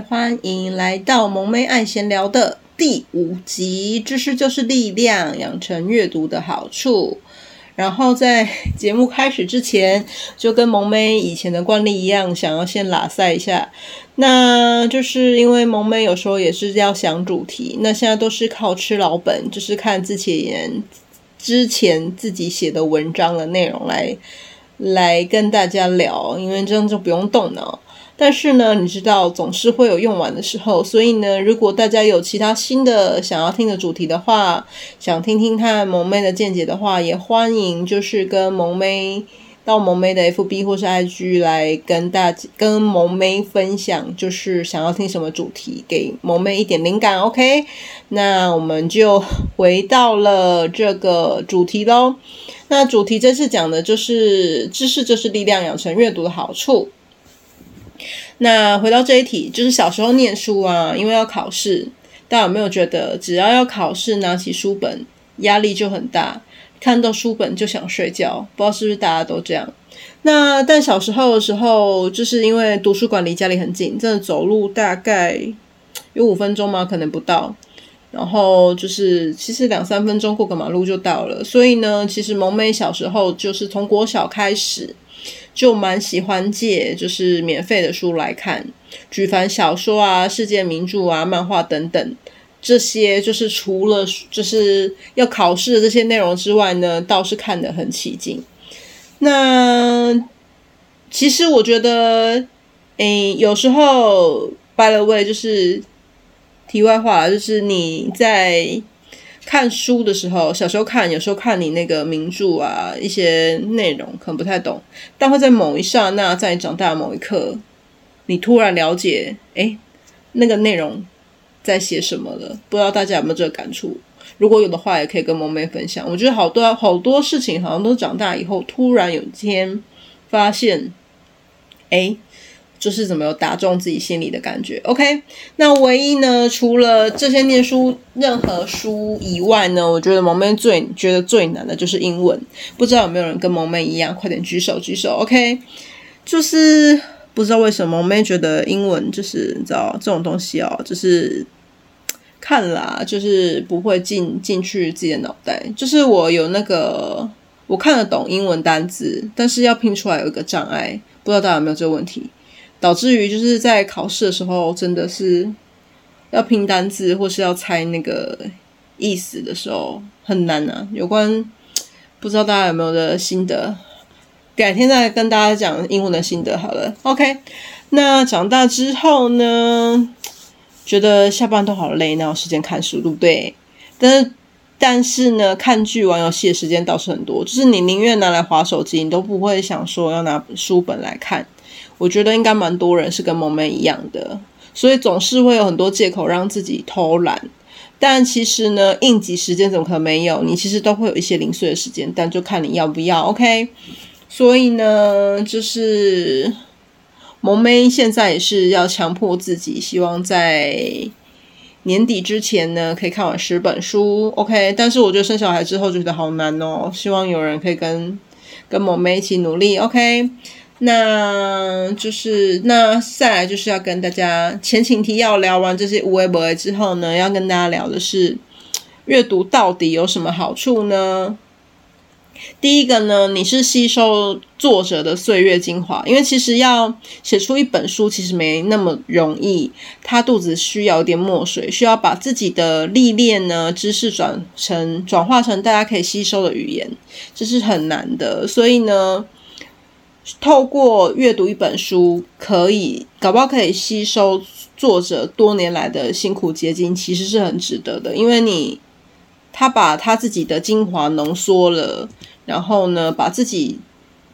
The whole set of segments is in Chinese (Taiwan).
歡迎來到萌咩愛閒聊的第五集，知識就是力量，養成閱讀的好處。然後在節目開始之前，就跟萌咩以前的慣例一樣，想要先拉賽一下。那就是因為萌咩有時候也是要想主題，那現在都是靠吃老本，就是看自己之前自己寫的文章的內容來來跟大家聊，因為這樣就不用動腦。但是呢，你知道總是會有用完的時候，所以呢，如果大家有其他新的想要聽的主題的話，想聽聽看萌咩的見解的話，也歡迎就是跟萌咩到萌咩的 FB 或是 IG 來跟大家跟萌咩分享，就是想要聽什麼主題，給萌咩一點靈感。OK，那我們就回到了這個主題嘍。那主題這次講的就是知識就是力量，養成閱讀的好處。那回到這一題，就是小時候念書啊，因為要考試，大家有沒有覺得只要要考試，拿起書本壓力就很大，看到書本就想睡覺？不知道是不是大家都這樣？那但小時候的時候，就是因為圖書館離家裡很近，真的走路大概有五分鐘嘛，可能不到，然後就是其實兩三分鐘過個馬路就到了。所以呢，其實萌咩小時候就是從國小開始。就蠻喜歡借，就是免費的書來看，舉凡小說啊、世界名著啊、漫畫等等，這些就是除了就是要考試的這些內容之外呢，倒是看得很起勁。那其實我覺得，誒，有時候，by the way，就是題外話，就是你在。看書的時候，小時候看，有時候看你那個名著啊，一些內容可能不太懂，但會在某一剎那，在你長大的某一刻，你突然了解，哎，那個內容在寫什麼了。不知道大家有沒有這個感觸？如果有的話，也可以跟萌咩分享。我覺得好多好多事情，好像都長大以後，突然有一天發現，哎。就是怎麼有打中自己心裡的感覺，OK？那唯一呢，除了這些念書任何書以外呢，我覺得萌咩最覺得最難的就是英文。不知道有沒有人跟萌咩一樣，快點舉手舉手，OK？就是不知道為什麼萌咩覺得英文就是你知道這種東西哦，就是看啦，就是不會進進去自己的腦袋。就是我有那個我看得懂英文單字，但是要拼出來有一個障礙，不知道大家有沒有這個問題？導致於就是在考試的時候，真的是要拼單字或是要猜那個意思的時候很難啊。有關不知道大家有沒有的心得，改天再跟大家講英文的心得好了。OK，那長大之後呢，覺得下班都好累，哪有時間看書，對不對？但是但是呢，看劇、玩遊戲的時間倒是很多，就是你寧願拿來滑手機，你都不會想說要拿書本來看。我覺得應該蠻多人是跟萌咩一樣的，所以總是會有很多借口讓自己偷懶。但其實呢，應急時間怎麼可能沒有？你其實都會有一些零碎的時間，但就看你要不要。OK，所以呢，就是萌咩現在也是要強迫自己，希望在年底之前呢，可以看完十本書。OK，但是我覺得生小孩之後就覺得好難哦。希望有人可以跟跟萌咩一起努力。OK。那就是那，再來就是要跟大家前情提要，聊完這些有的沒的之後呢，要跟大家聊的是閱讀到底有什麼好處呢？第一個呢，你是吸收作者的歲月精華，因為其實要寫出一本書其實沒那麼容易，他肚子需要一點墨水，需要把自己的歷練呢、知識轉成轉化成大家可以吸收的語言，這是很難的，所以呢。透過閱讀一本書，可以搞不好可以吸收作者多年來的辛苦結晶，其實是很值得的。因為你他把他自己的精華濃縮了，然後呢，把自己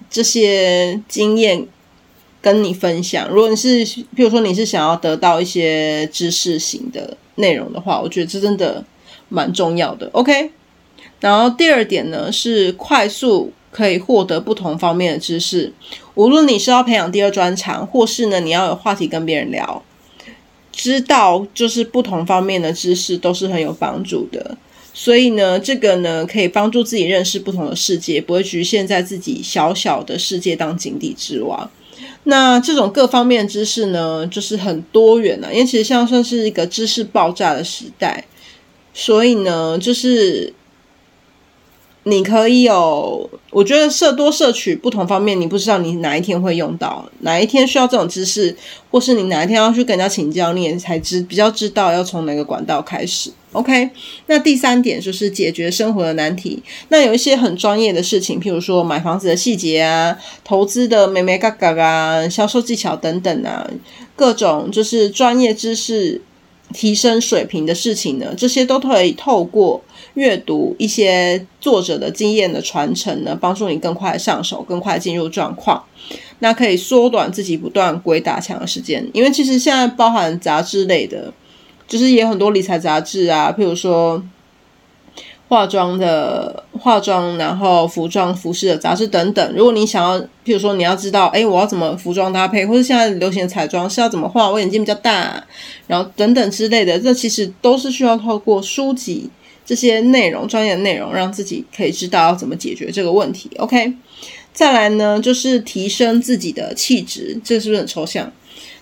這些經驗跟你分享。如果你是，譬如說你是想要得到一些知識型的內容的話，我覺得這真的蠻重要的。OK，然後第二點呢是快速。可以獲得不同方面的知識，無論你是要培養第二專長，或是呢你要有話題跟別人聊，知道就是不同方面的知識都是很有幫助的。所以呢，這個呢可以幫助自己認識不同的世界，不會局限在自己小小的世界當井底之蛙。那這種各方面的知識呢，就是很多元了啊。因為其實像算是一個知識爆炸的時代，所以呢，就是。你可以有，我覺得攝多攝取不同方面，你不知道你哪一天會用到，哪一天需要這種知識，或是你哪一天要去跟人家請教，你也才知比較知道要從哪個管道開始。OK，那第三點就是解決生活的難題。那有一些很專業的事情，譬如說買房子的細節啊、投資的美美嘎嘎啊、銷售技巧等等啊，各種就是專業知識提升水平的事情呢，這些都可以透過。閱讀一些作者的經驗的傳承呢，幫助你更快上手，更快進入狀況。那可以縮短自己不斷鬼打牆的時間。因為其實現在包含雜誌類的，就是也很多理財雜誌啊，譬如說化妝的化妝，然後服裝服飾的雜誌等等。如果你想要，譬如說你要知道，哎、欸，我要怎麼服裝搭配，或者現在流行的彩妝是要怎麼畫？我眼睛比較大，然後等等之類的，這其實都是需要透過書籍。這些內容，專業的內容，讓自己可以知道要怎麼解決這個問題。OK，再來呢，就是提升自己的氣質，這是不是很抽象？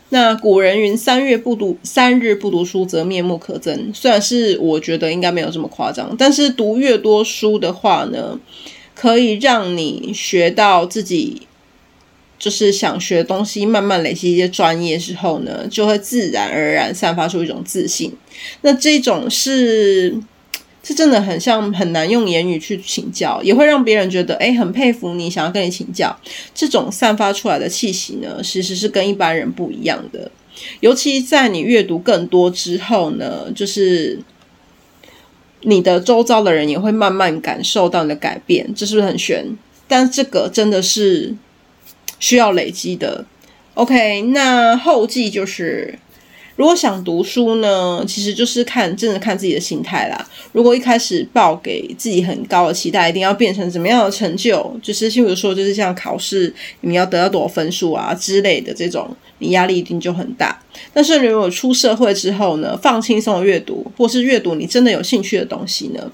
那古人云：“三月不讀，三日不讀書，則面目可憎。”雖然是我覺得應該沒有這麼誇張，但是讀越多書的話呢，可以讓你學到自己就是想學東西，慢慢累積一些專業之後呢，就會自然而然散發出一種自信。那這種是。這真的很像很難用言語去請教，也會讓別人覺得哎，很佩服你，想要跟你請教。這種散發出來的氣息呢，其實是跟一般人不一樣的。尤其在你閱讀更多之後呢，就是你的周遭的人也會慢慢感受到你的改變，這是不是很玄？但這個真的是需要累積的。OK，那後記就是。如果想讀書呢，其實就是看真的看自己的心態啦。如果一開始抱給自己很高的期待，一定要變成怎麼樣的成就，就是譬如說，就是像考試，你要得到多少分數啊之類的這種，你壓力一定就很大。但是，如果出社會之後呢，放輕鬆的閱讀，或是閱讀你真的有興趣的東西呢，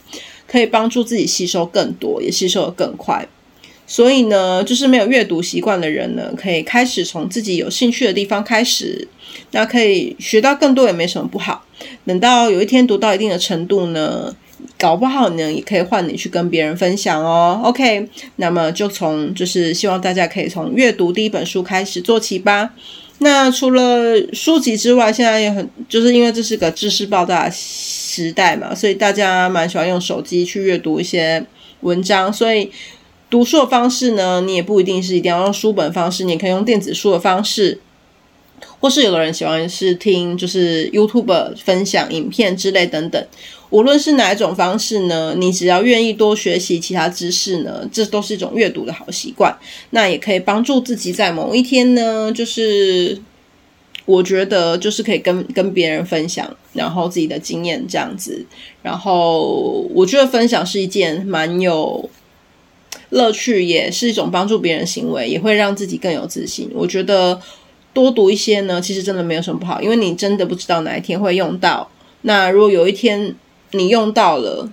可以幫助自己吸收更多，也吸收得更快。所以呢，就是沒有閱讀習慣的人呢，可以開始從自己有興趣的地方開始，那可以學到更多也沒什麼不好。等到有一天讀到一定的程度呢，搞不好呢也可以換你去跟別人分享哦。OK，那麼就從就是希望大家可以從閱讀第一本書開始做起吧。那除了書籍之外，現在也很就是因為這是個知識爆炸時代嘛，所以大家蠻喜歡用手機去閱讀一些文章，所以。讀書的方式呢，你也不一定是一定要用書本的方式，你可以用電子書的方式，或是有的人喜歡是聽，就是 YouTube 分享影片之類等等。無論是哪一種方式呢，你只要願意多學習其他知識呢，這都是一種閱讀的好習慣。那也可以幫助自己在某一天呢，就是我覺得就是可以跟跟別人分享，然後自己的經驗這樣子。然後我覺得分享是一件蠻有。樂趣也是一種幫助別人行為，也會讓自己更有自信。我覺得多讀一些呢，其實真的沒有什麼不好，因為你真的不知道哪一天會用到。那如果有一天你用到了，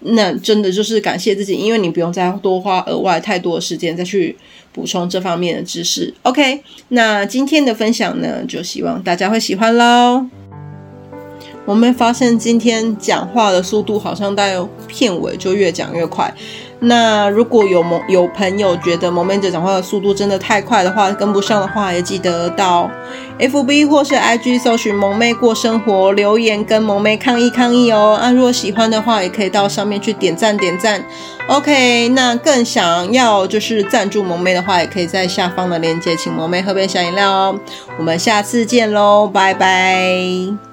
那真的就是感謝自己，因為你不用再多花額外太多的時間再去補充這方面的知識。OK，那今天的分享呢，就希望大家會喜歡嘍。我們發現今天講話的速度好像大概有片尾就越講越快。那如果有萌有朋友覺得萌咩姐講話的速度真的太快的話，跟不上的話，也記得到 F B 或是 I G 搜尋“萌咩過生活”留言跟萌咩抗議抗議哦。啊，如果喜歡的話，也可以到上面去點讚點讚。OK，那更想要就是贊助萌咩的話，也可以在下方的鏈接請萌咩喝杯小飲料哦。我們下次見嘍，拜拜。